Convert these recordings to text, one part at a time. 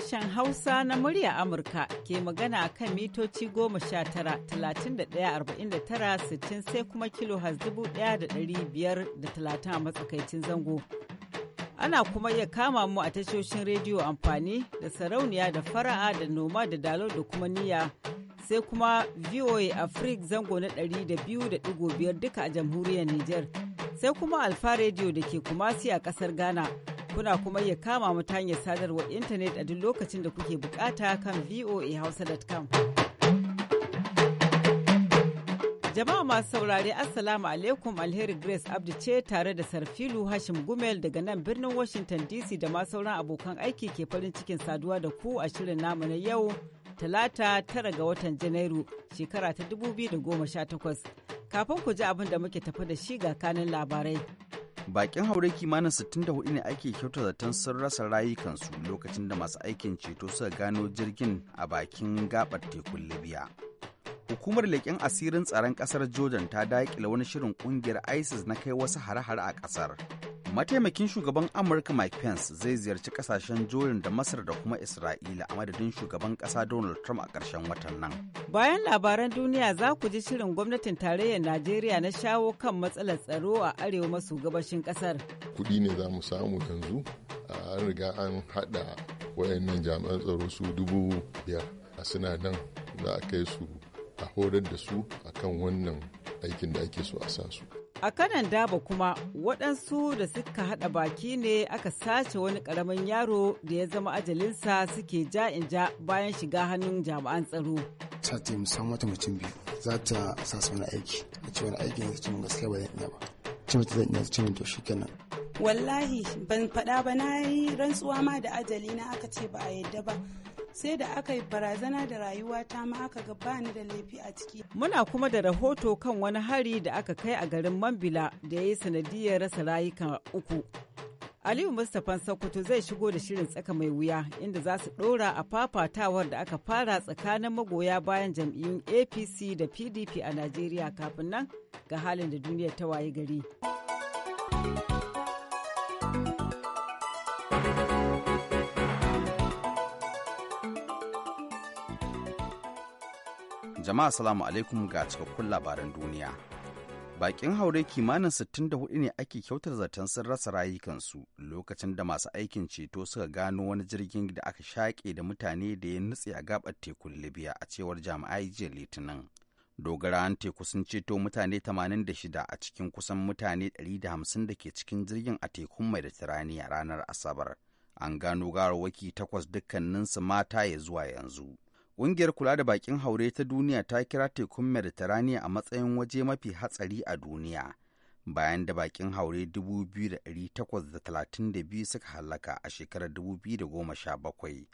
sashen Hausa na murya Amurka ke magana kan mitoci goma sha tara, talatin sittin sai kuma kilo dubu ɗaya da ɗari a matsakaicin zango. Ana kuma iya kama mu a tashoshin rediyo amfani da sarauniya da fara'a da noma da dalo da kuma niyya sai kuma VOA Afrik zango na ɗari da duka a jamhuriyar Nijar sai kuma Alfa rediyo da ke kumasi a ƙasar Ghana. Kuna kuma iya kama mu ta hanyar sadarwar intanet a duk lokacin da kuke bukata kan voahausa.com. Jama'a masu saurare Assalamu alaikum Alheri Grace Abdi ce tare da Sarfilu Hashim Gumel daga nan birnin Washington DC da ma sauran abokan aiki ke farin cikin saduwa da ku a shirin namu na yau talata tara ga watan Janairu shekara ta 2018. Kafin ku ji abin da muke tafi da shi ga kanin labarai. bakin haure kimanin 64 ne ake kyauta zaton sun rasa rayukansu lokacin da masu aikin ceto suka gano jirgin a bakin gabar tekun libya hukumar leƙen asirin tsaron ƙasar jordan ta daƙile wani shirin ƙungiyar isis na kai wasu hare-hare a ƙasar mataimakin shugaban amurka mike pence zai ziyarci kasashen jordan da masar da kuma isra'ila a madadin shugaban kasa donald trump a ƙarshen watan nan bayan labaran duniya za ku ji shirin gwamnatin tarayyar najeriya na shawo kan matsalar tsaro a arewa maso gabashin kasar kuɗi ne za mu samu yanzu a ah, riga an haɗa wayannan jami'an tsaro su dubu biyar ah, suna nan za a kai su a horar da su akan wannan aikin da ake so a sa su A kanan daba kuma waɗansu da suka haɗa baki ne aka sace wani ƙaramin yaro da ya zama ajalinsa suke ja in ja bayan shiga hannun jami'an tsaro. Ta ce musamman wata mutum biyu za ta sa su wani aiki da ci wani aiki yanzu cimin gaskiya ba zan iya ba. Ce mutum zan iya cimin to shi kenan. Wallahi ban faɗa ba na yi rantsuwa ma da ajali na aka ce ba a yadda ba. sai da aka yi barazana da rayuwa ta ma aka ga bani da laifi a ciki. Muna kuma da rahoto kan wani hari da aka kai a garin Mambila da ya yi sanadiyar rasa rayuka uku. Aliyu Mustapha Sokoto zai shigo da shirin tsaka mai wuya inda za su ɗora a fafatawar da aka fara tsakanin magoya bayan jam'iyyun APC da PDP a Najeriya kafin nan ga halin da duniyar ta waye gari. Jama'a salamu alaikum ga cikakkun labaran duniya. Bakin haure kimanin 64 ne ake kyautar zaton sun rasa rayukansu lokacin da masu aikin ceto suka gano wani jirgin da aka shaƙe da mutane da ya nutse a gabar tekun Libya a cewar jami'ai jiya Litinin. Dogarawan teku sun ceto mutane 86 a cikin kusan mutane 150 da ke cikin jirgin a tekun mai a ranar Asabar. An gano garawaki takwas dukkaninsu mata ya zuwa yanzu. Ƙungiyar kula da bakin haure ta duniya ta kira tekun Mediterranean a matsayin waje mafi hatsari a duniya, bayan da bakin haure 2,832 suka halaka a shekarar 2017.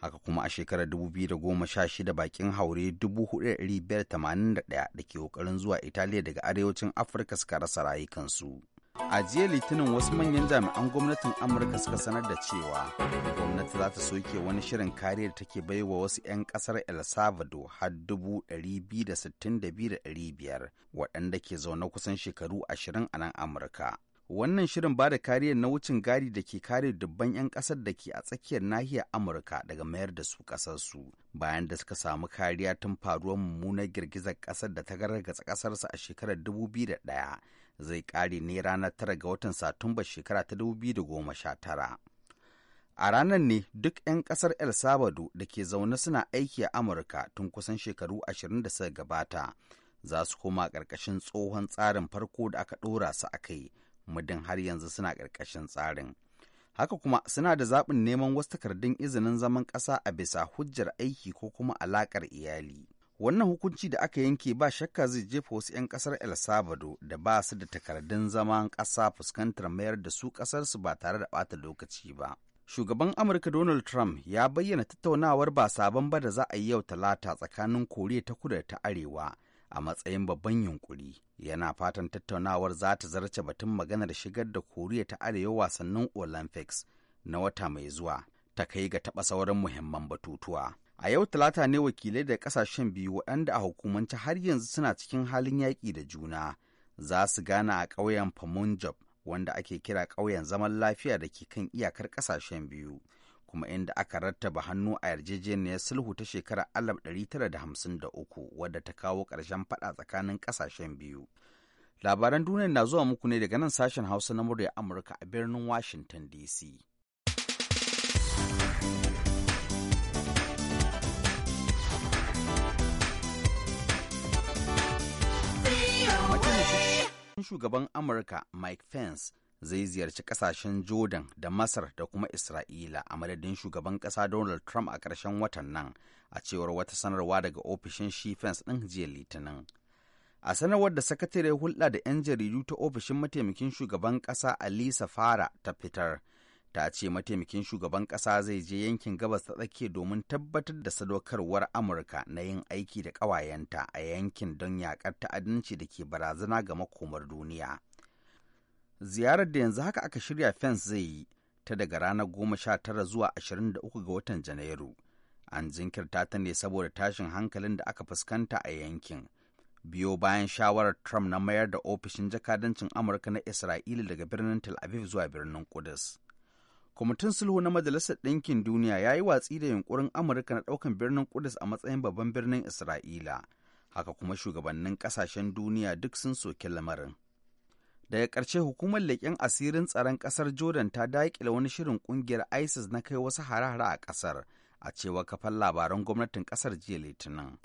Haka kuma a shekarar 2016 bakin haure 481 da ke ƙoƙarin zuwa Italiya daga arewacin Afirka suka rasa rayukansu. a jiya litinin wasu manyan jami'an gwamnatin amurka suka sanar da cewa gwamnati za ta soke wani shirin kariyar take bai wa wasu 'yan kasar el salvador har 262,500 waɗanda ke zaune kusan shekaru 20 a nan amurka wannan shirin ba da kariyar na wucin gadi da ke kare dubban 'yan kasar da ke a tsakiyar nahiyar amurka daga mayar da su kasarsu bayan da suka samu kariya tun faruwar mummunar girgizar kasar da ta gargaza kasarsa a shekarar 2001 zai ƙare ne ranar tara ga watan Satumba shekara ta sha tara. A ranar ne duk 'yan ƙasar El Sabado da ke zaune suna aiki a Amurka tun kusan shekaru ashirin da suka gabata za su koma ƙarƙashin tsohon tsarin farko da aka ɗora su a kai, muddin har yanzu suna ƙarƙashin tsarin. Haka kuma suna da zaɓin neman wasu takardun izinin zaman ƙasa a bisa hujjar aiki ko kuma alaƙar iyali. wannan hukunci da aka yanke ba shakka zai jefa wasu 'yan kasar el Sabado da ba su da takardun zama ƙasa fuskantar mayar da su ƙasarsu ba tare da ɓata lokaci ba shugaban amurka donald trump ya bayyana tattaunawar ba sabon ba da za a yi yau talata tsakanin koriya ta kudu da ta arewa a matsayin babban yunkuri yana fatan tattaunawar za ta zarce batun maganar shigar da koriya ta arewa wasannin olympics na wata mai zuwa ta kai ga taɓa sauran muhimman batutuwa a yau talata ne wakilai da kasashen biyu waɗanda a hukumance har yanzu suna cikin halin yaƙi da juna za su gana a ƙauyen pamunjab wanda ake kira ƙauyen zaman lafiya da ke kan iyakar ƙasashen biyu kuma inda aka rattaba hannu a yarjejeniyar sulhu ta shekarar uku wadda ta kawo ƙarshen faɗa tsakanin ƙasashen biyu labaran duniya na zuwa muku ne daga nan sashen hausa na murya amurka a birnin washington dc mataimakin shugaban Amurka Mike Pence zai ziyarci kasashen Jordan da Masar da kuma Isra'ila a madadin shugaban ƙasa Donald Trump a ƙarshen watan nan, a cewar wata sanarwa daga ofishin shi Pence ɗin jiya Litinin. A sanarwar da sakatare hulɗa da 'yan jaridu ta ofishin mataimakin shugaban ƙasa Alisa Fara ta fitar, ta ce mataimakin shugaban ƙasa zai je yankin gabas ta tsakiya domin tabbatar da sadaukarwar amurka na yin aiki da ƙawayenta a yankin don yaƙar ta'addanci da ke barazana ga makomar duniya ziyarar da yanzu haka aka shirya fence zai yi ta daga ranar goma sha tara zuwa ashirin da uku ga watan janairu an jinkirta ta ne saboda tashin hankalin da aka fuskanta a yankin biyo bayan shawarar trump na mayar da ofishin jakadancin amurka na isra'ila daga birnin tel aviv zuwa birnin kudus kwamitin sulhu na majalisar ɗinkin duniya ya yi watsi da yunkurin amurka na ɗaukan birnin kudus a matsayin babban birnin isra'ila haka kuma shugabannin ƙasashen duniya duk sun soki lamarin daga ƙarshe hukumar leƙen asirin tsaron ƙasar jordan ta daƙile wani shirin ƙungiyar isis na kai wasu hare-hare a ƙasar a cewa kafan labaran gwamnatin ƙasar jiya litinin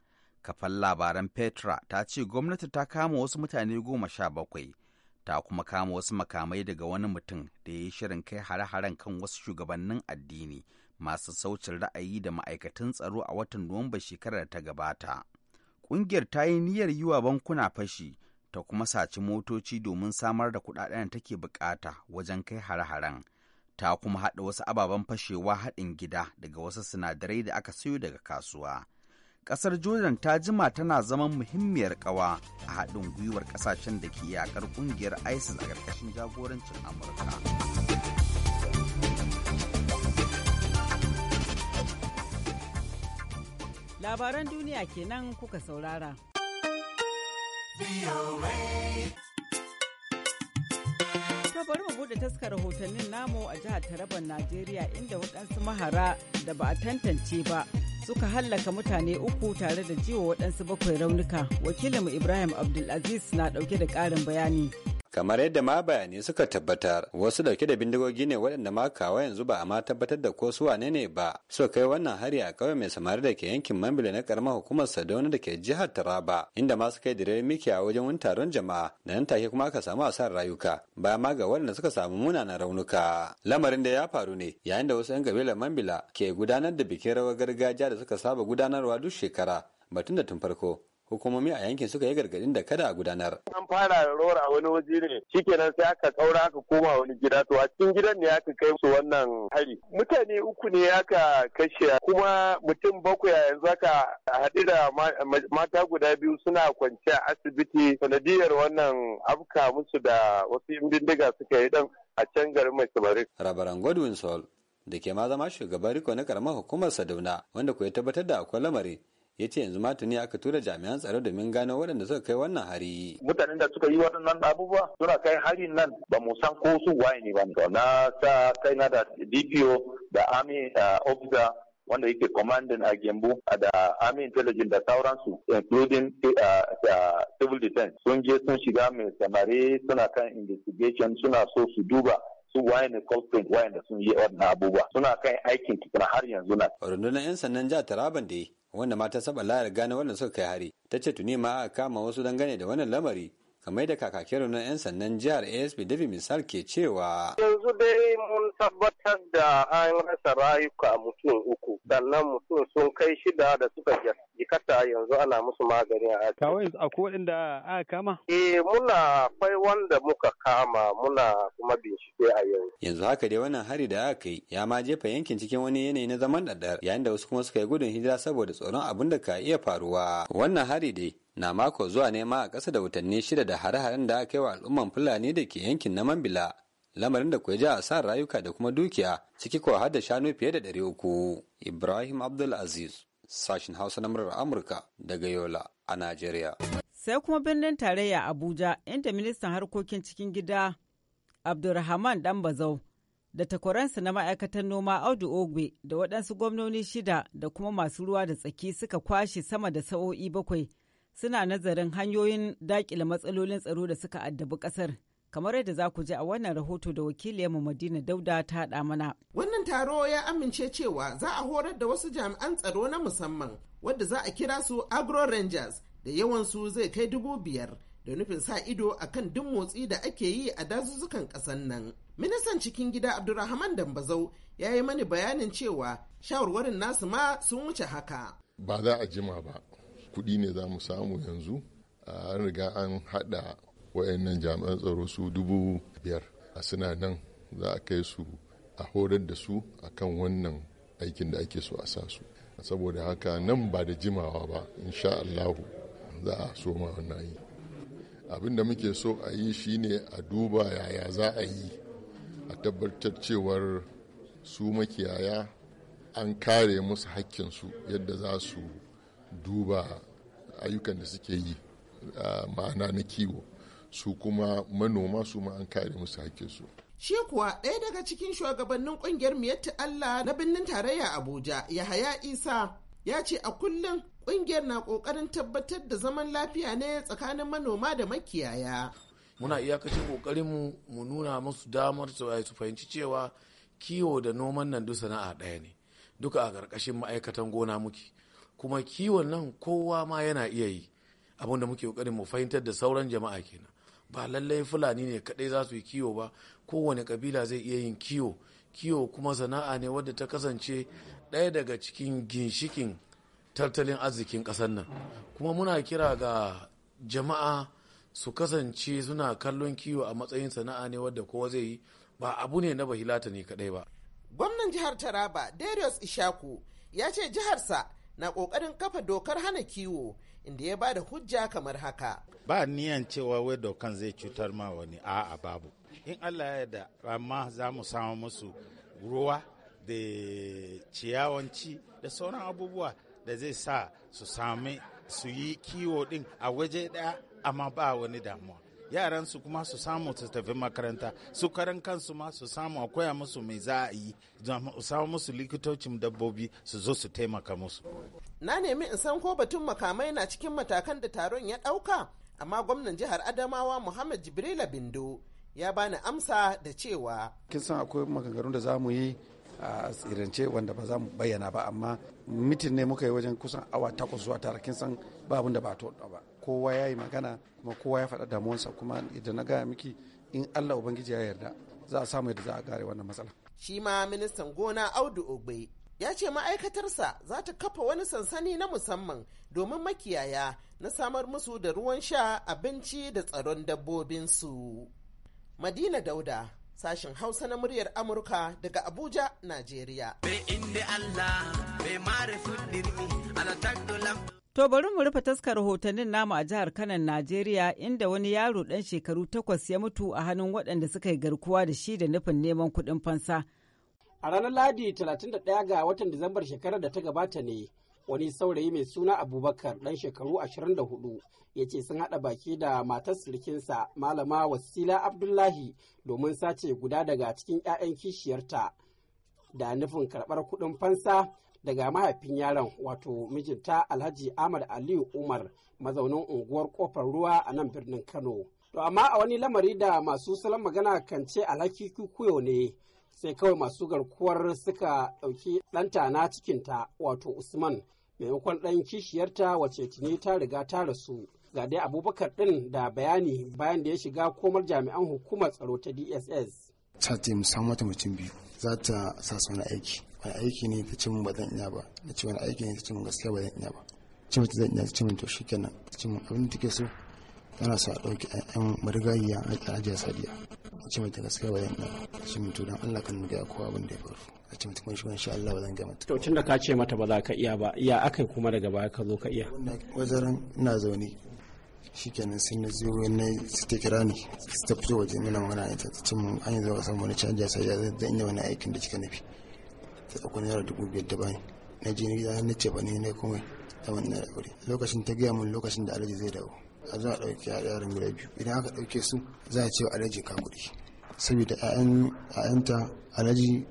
kafan labaran petra ta ce gwamnati ta kama wasu mutane goma sha bakwai ta kuma kama wasu makamai daga wani mutum da ya yi shirin kai hare-haren kan wasu shugabannin addini masu saucin ra'ayi da ma'aikatan tsaro a watan Nuwamba shekarar ta gabata. Ƙungiyar ta yi niyyar yi wa bankuna fashi ta kuma saci motoci domin samar da kuɗaɗen da take buƙata wajen kai hare-haren. Ta kuma haɗa wasu ababen fashewa haɗin gida daga wasu sinadarai da aka sayo daga kasuwa. ƙasar jordan ta jima tana zaman muhimmiyar ƙawa a haɗin gwiwar ƙasashen da ke yaƙar ƙungiyar isis a ƙarƙashin jagorancin amurka labaran duniya kenan kuka saurara ta bari mu bude taskar rahotannin namu a jihar Taraban Najeriya inda waɗansu mahara da ba a tantance ba suka hallaka mutane uku tare da jiwa waɗansu bakwai raunuka wakilinmu ibrahim abdulaziz na ɗauke da ƙarin bayani kamar yadda ma bayanai suka tabbatar wasu dauke da bindigogi ne waɗanda ma kawo yanzu ba a ma tabbatar da ko su wane ne ba so kai wannan hari a kauye mai samari da ke yankin mambila na karamar hukumar sadauna da ke jihar taraba inda ma suka yi direbin miki a wajen wani taron jama'a da nan take kuma aka samu asarar rayuka ba ma ga waɗanda suka samu munanan raunuka lamarin da ya faru ne yayin da wasu 'yan kabilar mambila ke gudanar da bikin rawar gargajiya da suka saba gudanarwa duk shekara batun da tun farko hukumomi a yankin suka yi gargadin da kada a gudanar. An fara rora a wani waje ne shikenan sai aka kaura aka koma wani gida to a cikin gidan ne aka kai su wannan hari. Mutane uku ne aka kashe kuma mutum bakwai a yanzu aka haɗu da mata guda biyu suna kwance a asibiti sanadiyar wannan afka musu da wasu yan bindiga suka yi dan a can garin mai samari. Rabaran Godwin Sol da ke ma zama shugaban riko na karamar hukumar Sadauna wanda ku ya tabbatar da akwai lamari ya ce yanzu ma tuni aka tura jami'an tsaro domin gano waɗanda suka kai wannan hari. Mutanen da suka yi waɗannan abubuwa suna kai hari nan ba mu san ko su waye ne ba. Na sa kai na da DPO da Army uh, officer wanda yake commanding a gembu da army intelligence da sauransu including uh, uh, civil defense sun je sun shiga mai samari suna kan investigation suna so su duba su waye ne culprit waye da sun yi wannan abubuwa suna kan aikin tukuna har yanzu na rundunar yan sannan jihar taraban da wanda mata ta saba layar gane wannan suka kai hari ta ce tuni ma aka kama wasu dangane da wannan lamari kamar da kakakin na 'yan sannan jihar asp misal ke cewa yanzu dai mun tabbatar da an rasa rayuka mutum uku sannan mutum sun kai shida da suka jikata yanzu ana musu maganin a kawai akwai waɗanda aka kama eh muna akwai wanda muka kama muna kuma bincike a yau yanzu haka dai wannan hari da aka kai ya ma jefa yankin cikin wani yanayi na zaman ɗaɗɗar yayin da wasu kuma suka yi gudun hijira saboda tsoron abin da ka iya faruwa wannan hari dai na mako zuwa nema a ƙasa da watanni shida da hare-haren da aka yi wa al'umman fulani da ke yankin na mambila lamarin da kuwa ja a sa rayuka da kuma dukiya ciki ko har da shanu fiye da ɗari uku ibrahim abdul sashen Hausa na murar Amurka daga Yola a Najeriya. Sai kuma birnin tarayya Abuja inda ministan harkokin cikin gida Abdulrahman dan bazau da takwaransa na ma'aikatan noma Audu ogwe da waɗansu gwamnoni shida da kuma masu ruwa da tsaki suka kwashe sama da sa'o'i bakwai suna nazarin hanyoyin daƙile matsalolin tsaro da suka addabi ƙasar. Kamar yadda za ku ji a wannan rahoto da wakiliyar mu Madina Dauda ta haɗa mana. taro ya amince cewa za a horar da wasu jami'an tsaro na musamman wadda za a kira su agro rangers da yawansu zai kai dubu biyar da nufin sa ido a kan duk motsi da ake yi a dazuzzukan ƙasan nan. Ministan cikin gida abdurrahman Dambazau ya yi mani bayanin cewa shawarwarin nasu ma sun wuce haka. Ba za a jima ba, kuɗi ne za mu samu yanzu a riga an haɗa wayannan jami'an tsaro su dubu biyar a suna nan za a kai su a horar da su a kan wannan aikin da ake so a sa su saboda haka nan ba da jimawa ba insha Allahu za a ma wannan yi abin da muke so a yi shine a duba yaya za a yi a tabbatar cewar su makiyaya an kare musu su yadda za su duba ayyukan da suke yi ah, ma'ana na kiwo su kuma manoma su ma an kare musu su. Shi kuwa ɗaya daga cikin shugabannin ƙungiyar miyatta Allah na birnin tarayya Abuja, Yahaya Isa, ya ce a kullum ƙungiyar na ƙoƙarin tabbatar da zaman lafiya ne tsakanin manoma da makiyaya. Muna iyakacin ƙoƙarinmu mu nuna musu damar su fahimci cewa kiwo da noman nan duk sana'a ɗaya ne, duka a ƙarƙashin ma'aikatan gona muke. Kuma kiwon nan kowa ma yana iya yi, abinda muke ƙoƙarin mu fahimtar da sauran jama'a kenan. Ba lallai Fulani ne kaɗai za su yi kiwo ba, kowane kabila zai iya yin kiwo kiwo kuma sana'a ne wadda ta kasance ɗaya daga cikin ginshikin tattalin arzikin ƙasar nan kuma muna kira ga jama'a su kasance suna kallon kiwo a matsayin sana'a ne wadda kowa zai yi ba abu ne na bahilata ne kadai ba gwamnan jihar taraba darius ishaku ya ce jiharsa na ƙoƙarin kafa dokar hana kiwo inda ya ba da hujja kamar haka ba niyan cewa wai dokan zai cutar ma wani a'a babu in allah ya da amma za mu samu musu ruwa da ciyawanci da sauran abubuwa da zai sa su sami su yi kiwo din a waje daya amma ba wani damuwa yaran su kuma su samu su tafi makaranta su karan kansu ma su samu a musu mai za a yi samu musu likitocin dabbobi su zo su taimaka musu na nemi in san ko batun makamai na cikin matakan da taron ya dauka amma gwamnan jihar adamawa muhammad jibrila bindo ya bani amsa da cewa kin san akwai maganganun da za mu yi a tsirance wanda ba za mu bayyana ba amma mitin ne muka yi wajen kusan awa takwas zuwa tara kin san ba abin da ba to ba kowa ya yi magana kuma kowa ya faɗa damuwansa kuma idan na gaya miki in Allah ubangiji ya yarda za a samu yadda za a gare wannan matsala shi ma ministan gona Audu Ogbe ya ce ma'aikatarsa za ta kafa wani sansani na musamman domin makiyaya na samar musu da ruwan sha abinci da tsaron dabbobinsu Madina Dauda, sashen Hausa na muryar Amurka daga Abuja, Najeriya. To bari mu rufe taskar rahotannin namu a jihar Kanan, Najeriya, inda wani yaro ɗan shekaru takwas ya mutu a hannun waɗanda suka yi garkuwa da shi da nufin neman kuɗin fansa. A ranar Ladi 31 ga watan Disambar shekarar da ta gabata ne, wani saurayi mai suna abubakar dan shekaru 24 ya ce sun haɗa baki da matar sirkinsa malama wasila abdullahi domin sace guda daga cikin 'ya'yan kishiyarta da nufin karɓar kuɗin fansa daga mahaifin yaron wato mijinta alhaji ahmad aliyu umar mazaunin unguwar kofar ruwa a nan birnin kano to amma a wani lamari da masu salon magana kan ce alhaki kuyo ne sai kawai masu garkuwar suka ɗauki ɗanta na cikinta wato usman maimakon ɗan kishiyarta wace tuni ta riga ta rasu ga dai abubakar ɗin da bayani bayan da ya shiga komar jami'an hukumar tsaro ta dss ta taimaka wata mutum biyu za ta sa su wani aiki wani aiki ne ta ce min ba zan iya ba na ce wani aiki ne ta ce min gaskiya ba zan iya ba ce mata zan iya ta ce min to kenan ta ce min abin da take so yana sa a ɗauki ɗan marigayiya a ajiye sadiya a ce mata gaskiya ba zan ɗan mutu don allah kan gaya ko abin da ya faru a ce mutu kunshi wani allah ba zan ta. mata. to da ka ce mata ba za ka iya ba iya aka kuma daga baya ka zo ka iya. wazaran ina zaune shi kenan sun na zo na ta kira ni ta fito waje nuna magana a ita ta mun an yi zuwa samu wani canja sai ya zan yi wani aikin da kika nufi ta ɗauko naira dubu biyar da bani na je ni gida na ce ba ne na kuma da lokacin ta gaya mun lokacin da alaji zai dawo a za a ɗauki yaran guda biyu idan aka ɗauke su za a ce wa alhaji ka kuɗi saboda 'ya'yanta alhaji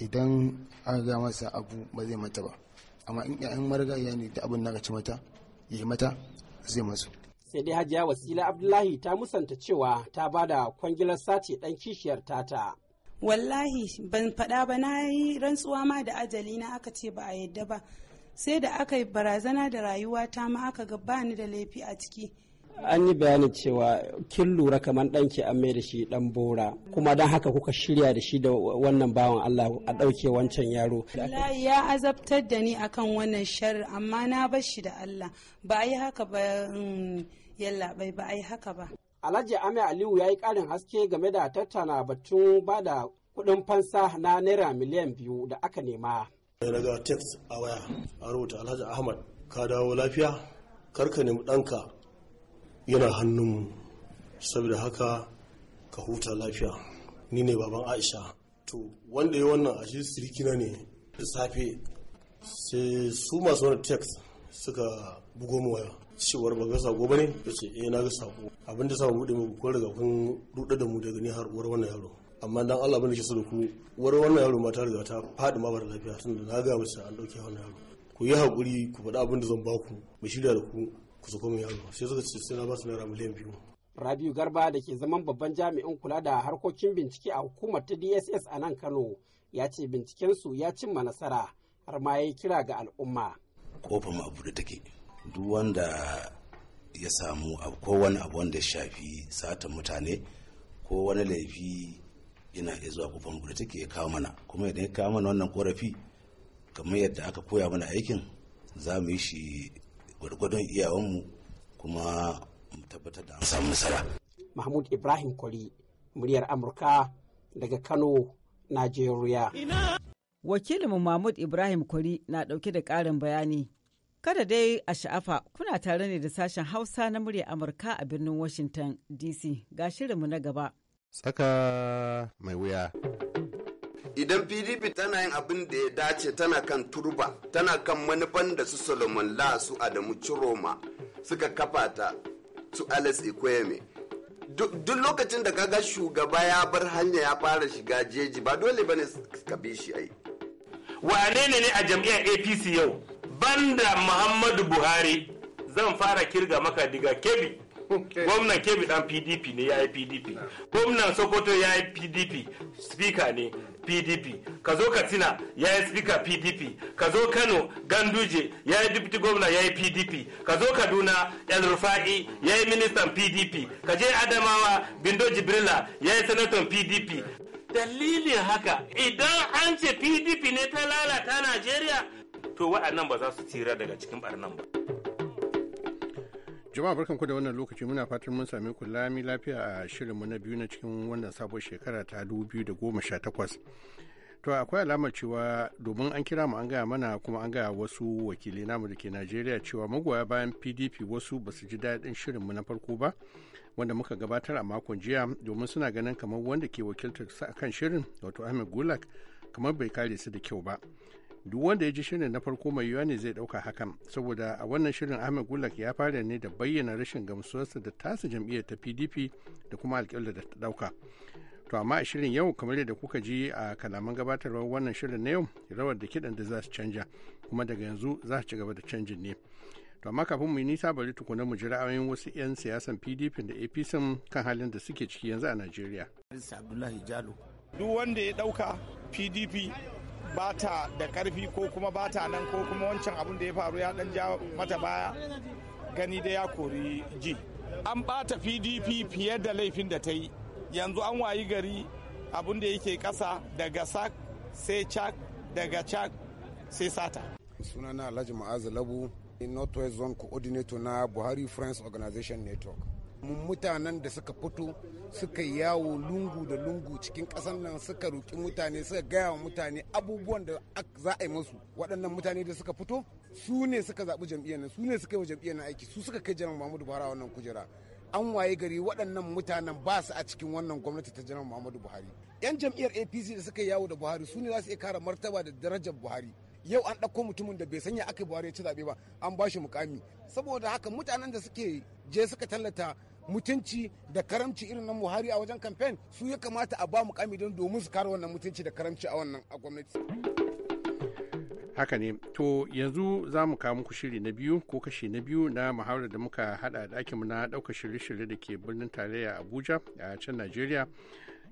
idan aka ga masa abu ba zai mata ba amma in 'ya'yan ya ne da abin naka ci mata yi mata zai masu sai dai hajiya wasila abdullahi ta musanta cewa ta ba da kwangilar sace ɗan kishiyar tata wallahi ban faɗa ba na yi rantsuwa ma da ajali na aka ce ba a yadda ba sai da aka yi barazana da rayuwa ta ma aka ga bani da laifi a ciki an yi bayanin cewa kin lura kamar ɗanki an mai da shi ɗan bora kuma don haka kuka shirya da shi da wannan bawan Allah a ɗauke wancan yaro. ya azabtar da ni akan wannan sharri amma na bar shi da Allah ba a yi haka ba mm, ba a yi haka ba. Alhaji Ame Aliyu ya yi ƙarin haske game da tattana batun ba da kuɗin fansa na naira miliyan biyu da aka nema. daga text a waya a rubuta alhaji ahmad ka dawo lafiya karka nemi ɗanka yana hannun saboda haka ka huta lafiya ni ne baban aisha to wanda ya wannan shi sirikina ne da safe sai su masu wani text suka bugo mu waya cewar ba ga sako ba ne ya ce eh na ga sako abinda sa mu bude mu kun ga kun ruɗa da mu daga ni har uwar yaro amma dan Allah bane ke su da ku wani wannan yaro mata riga ta fadi ma bar lafiya tun da na ga wasu an dauke wannan yaro ku yi hakuri ku faɗa abin da zan ba ku mu shirya da ku ku sako yaro sai suka ce sai na ba su naira miliyan biyu Rabiu Garba da ke zaman babban jami'in kula da harkokin bincike a hukumar ta DSS a nan Kano ya ce binciken su ya cimma nasara har ma ya yi kira ga al'umma. Kofar ma abu da take duk wanda ya samu ko wani abu wanda ya shafi satan mutane ko wani laifi yana iya zuwa kofar mu da take ya kawo mana kuma idan ya kawo mana wannan korafi kamar yadda aka koya mana aikin za mu yi shi gwargwadon iyawanmu kuma mu tabbatar da an samu nasara. Mahmud Ibrahim Kwari, muryar Amurka daga Kano, nigeria. Wakilin Mahmud Ibrahim Kwari na dauke da ƙarin bayani. Kada dai a sha'afa kuna tare ne da sashen Hausa na muryar Amurka a birnin Washington DC ga shirinmu na gaba. Tsaka mai wuya. Idan PDP tana yin abin da ya dace tana kan turba, tana kan manufan da su Solomon Lasu Adamu Chiroma suka kafa ta su Alex Ikweme. Duk lokacin da kaga shugaba ya bar hanya ya fara shiga jeji ba dole bane ka bi shi ai. Wane ne ne a jam'iyyar APC yau? Banda Muhammadu Buhari zan fara kirga maka diga kebi. gwamnan kebi dan pdp ne ya yi pdp gwamnan sokoto ya yi pdp spika ne pdp ka zo katsina ya yi spika pdp ka zo kano ganduje ya yi deputy gwamna ya yi pdp ka zo kaduna el rufa'i ya yi ministan pdp ka je adamawa bindo jibrila ya yi pdp dalilin haka idan an ce pdp ne ta lalata najeriya to wa'annan ba za su tsira daga cikin barnan ba Jama'a ku da wannan lokaci muna fatan mun sami ku lami lafiya a shirin mu na biyu na cikin wannan sabon shekara ta 2018. To akwai alamar cewa domin an kira mu an gaya mana kuma an gaya wasu wakilai namu da ke Najeriya cewa magoya bayan PDP wasu ba su ji daɗin mu na farko ba wanda muka gabatar a makon jiya domin suna ganin kamar wanda ke wakiltar su kan shirin wato Ahmed Gulak kamar bai kare su da kyau ba duk wanda ya ji shirin na farko mai yiwuwa ne zai ɗauka hakan saboda a wannan shirin ahmed gulak ya fara ne da bayyana rashin gamsuwarsa da tasa jam'iyyar ta pdp da kuma alƙiblar da ta ɗauka to amma a shirin yau kamar yadda kuka ji a kalaman gabatarwar wannan shirin na yau rawar da kiɗan da za su canja kuma daga yanzu za su ci gaba da canjin ne to amma kafin mu yi nisa bari tukuna mu ji ra'ayoyin wasu 'yan siyasan pdp da apc kan halin da suke ciki yanzu a najeriya duk wanda ya ɗauka pdp bata da karfi ko kuma bata nan ko kuma wancan abin da ya faru ya dan ja mata baya gani da ya kori ji an bata pdp fiye da laifin da ta yi yanzu an wayi gari abin da yake kasa daga sak sai cak daga cak sai sata sunana alhaji ma'azu labu northwest zone coordinator na buhari friends organization network Mun mutanen da suka fito suka yawo lungu da lungu cikin ƙasar nan suka roƙi mutane suka gaya wa mutane abubuwan da za a yi masu waɗannan mutane da suka fito su ne suka zaɓi jam'iyyar nan su ne suka yi wa jam'iyyar nan aiki su suka kai jiran Muhammadu Buhari wannan kujera an waye gari waɗannan mutanen ba su a cikin wannan gwamnati ta jiran Muhammadu Buhari yan jam'iyyar APC da suka yawo da Buhari su ne za su iya kara martaba da darajar Buhari yau an ɗauko mutumin da bai sanya aka buhari ya ci zaɓe ba an ba shi mukami saboda haka mutanen da suke je suka tallata mutunci da karamci irin na muhari a wajen kamfen su ya kamata a ba mukami don domin su kare wannan mutunci da karamci a wannan a gwamnati. Haka ne, to yanzu za mu kawo muku shiri na biyu ko kashi na biyu na muhawarar da muka haɗa ɗakinmu na ɗaukar shirye-shirye da ke birnin tarayya Abuja a can Najeriya.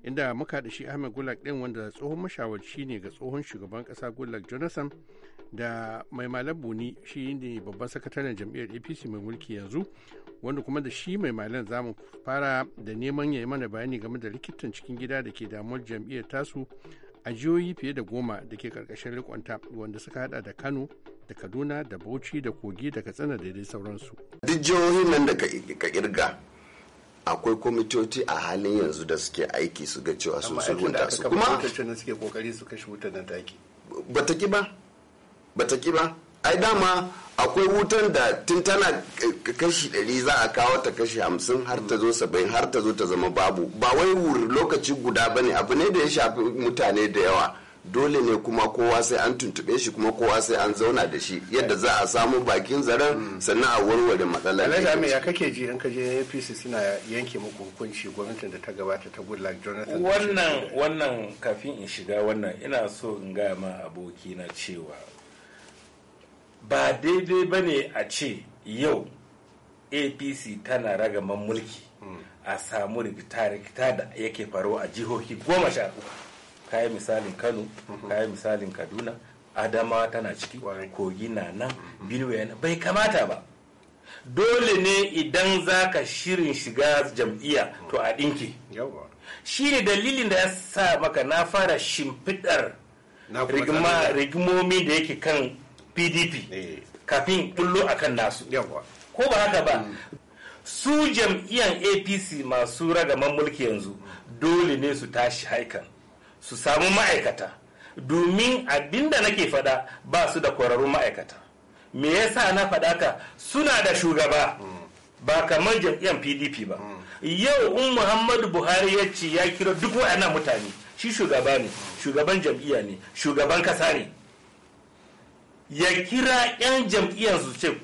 inda muka da shi ahmed gulag ɗin wanda tsohon mashawarci ne ga tsohon shugaban ƙasa gulag jonathan da mai malam buni shi ne babban sakataren jam'iyyar apc mai mulki yanzu wanda kuma da shi mai malam zamu fara da neman ya yi mana bayani game da likitan cikin gida da ke damuwar jam'iyyar tasu a jihohi fiye da goma da ke karkashin rikonta wanda suka hada da kano da kaduna da bauchi da kogi da katsina da dai sauransu duk jihohin nan da ka kirga akwai kwamitoci a halin yanzu da suke aiki su ga cewa sun sulhunta su kuma ba ta ki ba bata ki ba ai dama akwai wutan da tun tana eh, kashi ɗari za a kawo ta kashi hamsin har ta zo saba'in har ta zo ta zama babu ba wai wuri lokaci guda ba ne abu ne da ya shafi mutane da yawa dole ne kuma kowa sai an tuntuɓe shi kuma kowa sai an zauna da shi yadda za a samu bakin zaren sannan a warware matsalar ne me ya kake ji in ka je apc suna yanke muku hukunci gwamnatin da ta gabata ta luck jonathan wannan wannan kafin in shiga wannan ina so in gaya ma abokina cewa ba daidai ba ne a ce yau apc tana ragaman mulki a samu rikita-rikita da yake faro a jihohi goma sha uku kayan misalin kano kayan misalin kaduna adama tana ciki kogi na nan benue yana bai kamata ba dole ne idan za ka shirin shiga jam'iyya to a ɗinki shi ne dalilin da ya sa maka na fara shimfiɗar rigimomi da yake kan pdp eh. kafin a akan nasu ko ba haka ba su jam'iyyar apc masu ragaman mulki yanzu dole ne su tashi haikan su samu ma'aikata domin abinda nake fada ba su da kwararrun ma'aikata me yasa na fada ka suna da shugaba ba kamar jam'iyyar pdp ba yau in muhammadu buhari ya ce ya kira duk waɗannan mutane shi shugaba ne shugaban jam'iyya ne shugaban kasa ne ya kira 'yan jam'iyyar su ce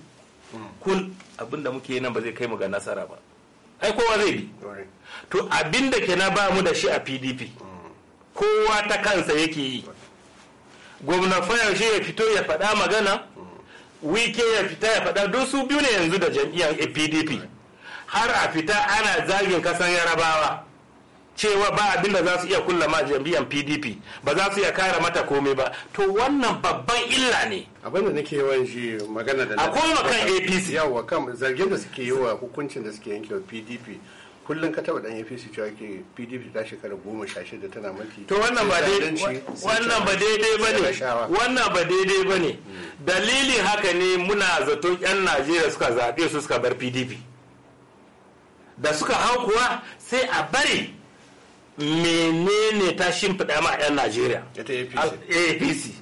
kun abinda muke nan ba zai kai mu ga nasara ba ai kowa zai bi to abinda ke na ba mu da shi a pdp kowa ta kansa yake yi Gwamnan fayar shi ya fito ya faɗa magana wike ya fita ya faɗa don su biyu ne yanzu da jam'iyyar pdp har a fita ana zagin kasan yarabawa cewa ba abin da za su iya kulla ma jam'iyyar pdp ba za su iya kare mata kome ba to wannan babban illa ne abinda nake yawan shi magana da akwai kan apc yawa kan zargin da suke yi wa hukuncin da suke yanke pdp kullum ka taba dan apc cewa ke pdp ta shekara goma sha shida tana mulki to wannan ba daidai wannan ba daidai bane wannan ba daidai bane hmm. dalilin haka ne muna zaton yan najeriya suka zaɓe su suka bar pdp da suka hau kuwa sai a bari menene ta shimfiɗa ma 'yan najeriya apc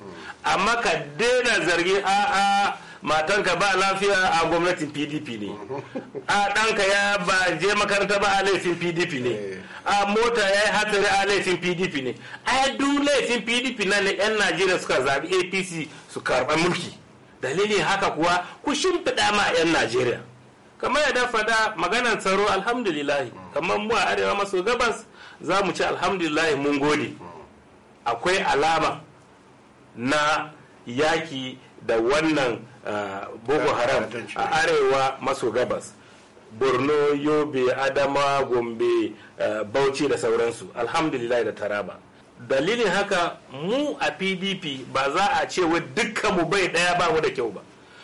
amma ka daina zargi a'a matanka ba lafiya a gwamnatin pdp ne a ɗanka ya ba je makaranta ba a laifin pdp ne eh. a mota ya yi hatsari a laifin pdp ne a duk laifin pdp na ne 'yan najeriya suka zaɓi apc su karɓa mulki dalili haka kuwa ku shimfiɗa ma 'yan najeriya kamar yadda fada maganar tsaro alhamdulillahi mm. kamar mu a arewa maso gabas za mu ce alhamdulillah mun gode akwai alama na yaki da wannan uh, boko haram a arewa maso gabas borno yobe adama gombe uh, bauchi da sauransu alhamdulillah da taraba dalilin haka mu a pdp ba za a ce wa dukkan bai daya ba mu da kyau ba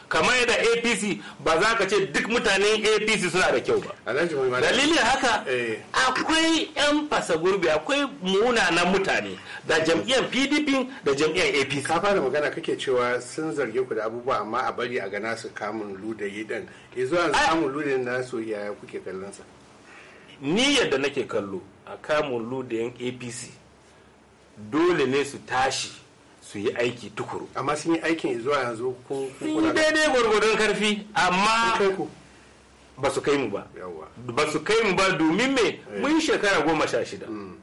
kamar yadda apc ba za ka ce duk mutanen apc suna da kyau ba dalilin haka eh. akwai 'yan fasa gurbi akwai munanan mutane da jam'iyyar pdp da jam'iyyar apc ka fara magana kake cewa sun zarge ku da abubuwa amma a bari a gana su kamun ludayi ke zuwa kamun ludayi nasu yaya kuke kallon sa ni yadda nake kallo a kamun yan apc dole ne su tashi su yi aiki tukuru amma sun yi aikin zuwa yanzu ko sun yi daidai gwargwadon karfi amma ba su kai mu ba ba su kai mu ba domin me eh. mun yi shekara goma sha shida mm.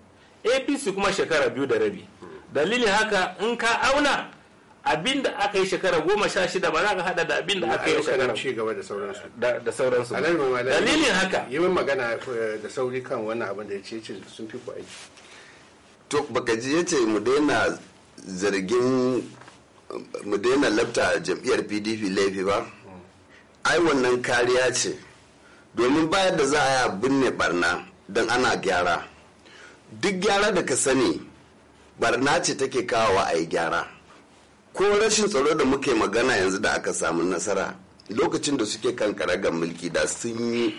apc kuma shekara biyu da rabi mm. dalilin haka in ka auna abin da aka yi shekara goma sha shida ba za ka hada da abin da aka yi shekara ci gaba da sauransu da sauransu dalilin haka yi magana eh, da sauri kan wannan abin da ya ce sun fi ku aiki to baka ji yace mu daina zargin um, mu daina labta jam'iyyar pdp laifi ba ai wannan kariya ce domin bayar da za a yi binne barna don ana gyara duk gyara da ka sani barna ce take kawowa a yi gyara ko rashin tsaro da muke magana yanzu da aka samu nasara lokacin da suke kan ga mulki da sun yi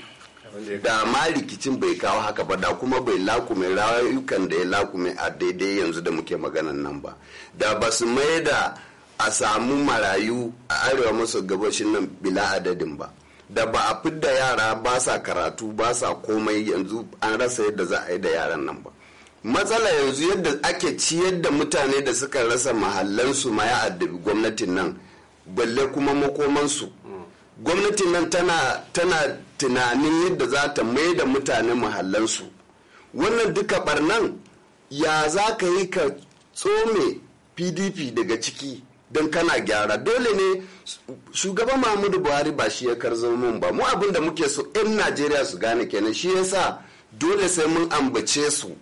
da ma rikicin bai kawo haka ba da kuma bai lakume rayukan da ya lakume a daidai yanzu da muke maganan nan ba da ba su mai da a samu marayu a arewa maso gabashin nan bila adadin ba da ba a fidda yara ba sa karatu ba sa komai yanzu an rasa yadda za a yi da yaran nan ba matsala yanzu yadda ake ciyar da mutane da suka rasa mahallansu ma ya addabi gwamnatin nan balle kuma makomansu mm. gwamnatin nan tana tana tunanin yadda za ta mai da mutane mahallansu wannan duka barnan ya za ka yi ka tsome pdp daga ciki don kana gyara dole ne shugaban mahmudu buhari ba shi ya karzo mun ba mu abin da muke so 'yan najeriya su gane kenan shi ya sa dole sai mun ambace su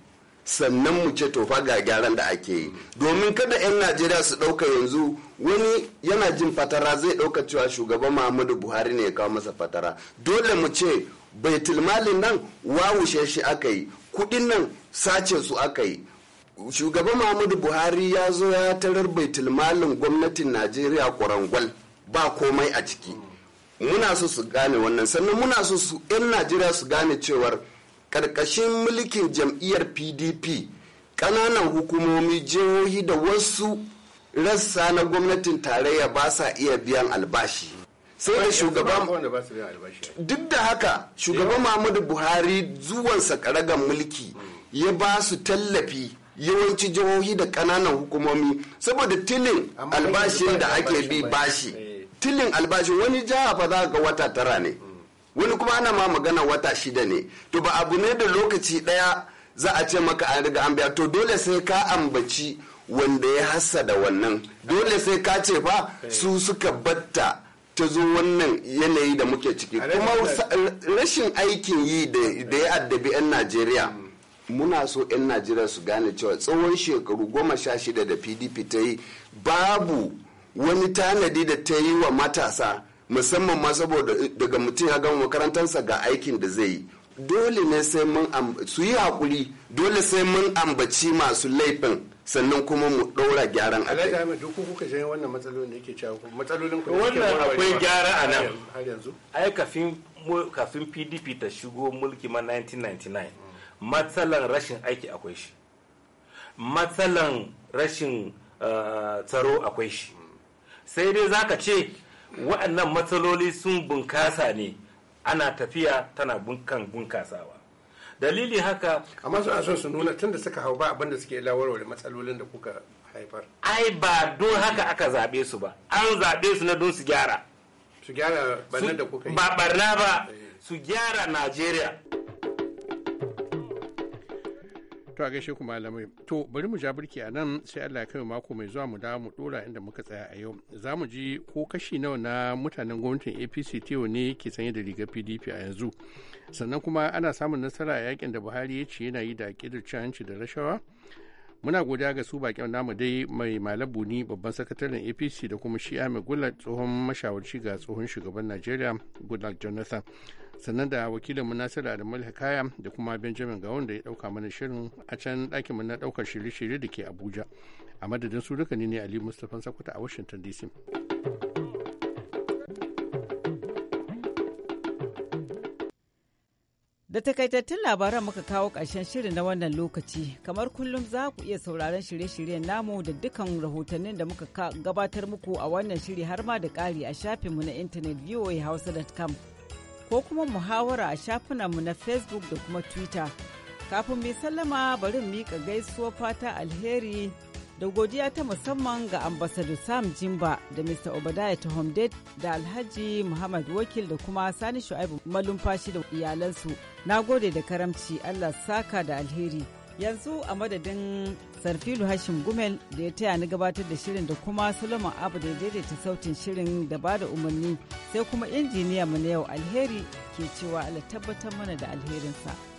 sannan mu ce tofa ga gyaran da ake yi domin kada 'yan najeriya su ɗauka yanzu wani yana jin fatara zai ɗauka cewa shugaban muhammadu buhari ne ya kawo masa fatara dole mu ce baitulmalin nan wawushe shi aka yi kudin nan sace su aka yi shugaban muhammadu buhari ya zo ya tarar baitulmalin gwamnatin najeriya kwarangwal ba komai a ciki muna so su gane wannan sannan muna so su 'yan najeriya su gane cewar karkashin mulkin jam'iyyar pdp ƙananan hukumomi jihohi da wasu rassa na gwamnatin tarayya ba sa iya biyan albashi sai da shugaban duk da haka shugaban muhammadu buhari zuwansa karagan mulki ya ba su tallafi yawanci jihohi da kananan hukumomi saboda tilin albashin da ake bi bashi eh. tilin albashin wani jiha fa za ga wata tara ne mm. wani kuma ana ma magana wata shida ne to ba abu ne da lokaci daya za a ce maka an riga an biya to dole sai ka ambaci wanda ya da wannan dole sai ka ce fa su suka batta ta zo wannan yanayi da muke ciki kuma rashin aikin yi da ya addabi 'yan najeriya muna so 'yan najeriya su gane cewa tsawon shekaru goma sha shida da pdp ta yi babu wani tanadi da ta yi wa matasa musamman ma saboda daga mutum ya gama makarantarsa ga aikin da zai yi dole ne su yi dole sai mun ambaci masu laifin sannan kuma mu ɗora gyaran a kai. Alhaji duk kuka janye wannan matsalolin da yake cewa matsalolin ku wannan akwai gyara a nan har yanzu. Ai kafin kafin PDP ta shigo mulki ma 1999 matsalan rashin aiki akwai shi. Matsalan rashin eh, tsaro akwai shi. Sai dai zaka ce waɗannan matsaloli sun bunkasa ne ana tafiya tana bunkan bunkasawa. dalili haka amma suna son su nuna tunda suka hau ba abinda suke lawarware matsalolin da kuka haifar ai ba don haka aka zaɓe su ba an zaɓe su na don su gyara su gyara barnar da kuka yi ba barna ba eh. su gyara najeriya To a gaishe ku malamai. To bari mu ja birki a nan sai Allah ya kai mako mai zuwa mu dawo mu dora inda muka tsaya a yau. Za mu ji ko kashi nawa na mutanen gwamnatin APC tewa ne ke sanye da rigar PDP a yanzu. Sannan kuma ana samun nasara a yakin da Buhari ya ce yana yi da akidar hanci da rashawa. Muna godiya ga su bakin namu dai mai malabuni babban sakataren APC da kuma shi Ahmed Gulak tsohon mashawarci ga tsohon shugaban Najeriya Goodluck Jonathan. sannan da wakilin mu Nasiru Adamu Hikaya da kuma Benjamin Gawon da ya dauka mana shirin a can ɗakin mun na daukar shirye-shirye da ke Abuja. A madadin su duka ne Ali Mustapha Sakwata a Washington DC. Da takaitattun labaran muka kawo ƙarshen shirin na wannan lokaci, kamar kullum za ku iya sauraron shirye-shiryen namu da dukkan rahotannin da muka gabatar muku a wannan shiri har ma da ƙari a shafinmu na intanet voahausa.com. ko kuma muhawara a mu na Facebook da kuma Twitter. Kafin mai sallama bari miƙa gaisuwa fata alheri da godiya ta musamman ga ambassador Sam Jimba da Mr. Obadiah Tahomdet da Alhaji Muhammad Wakil da kuma Sani Shu'aibu malumfashi da iyalansu. Na gode da karamci Allah saka da alheri. yanzu a madadin sarfilu hashin gumel da ya taya ni gabatar da shirin da kuma solomon abu da ya daidaita sautin shirin da ba da umarni sai kuma injiniya mu na yau alheri ke cewa ala tabbatar mana da alherinsa.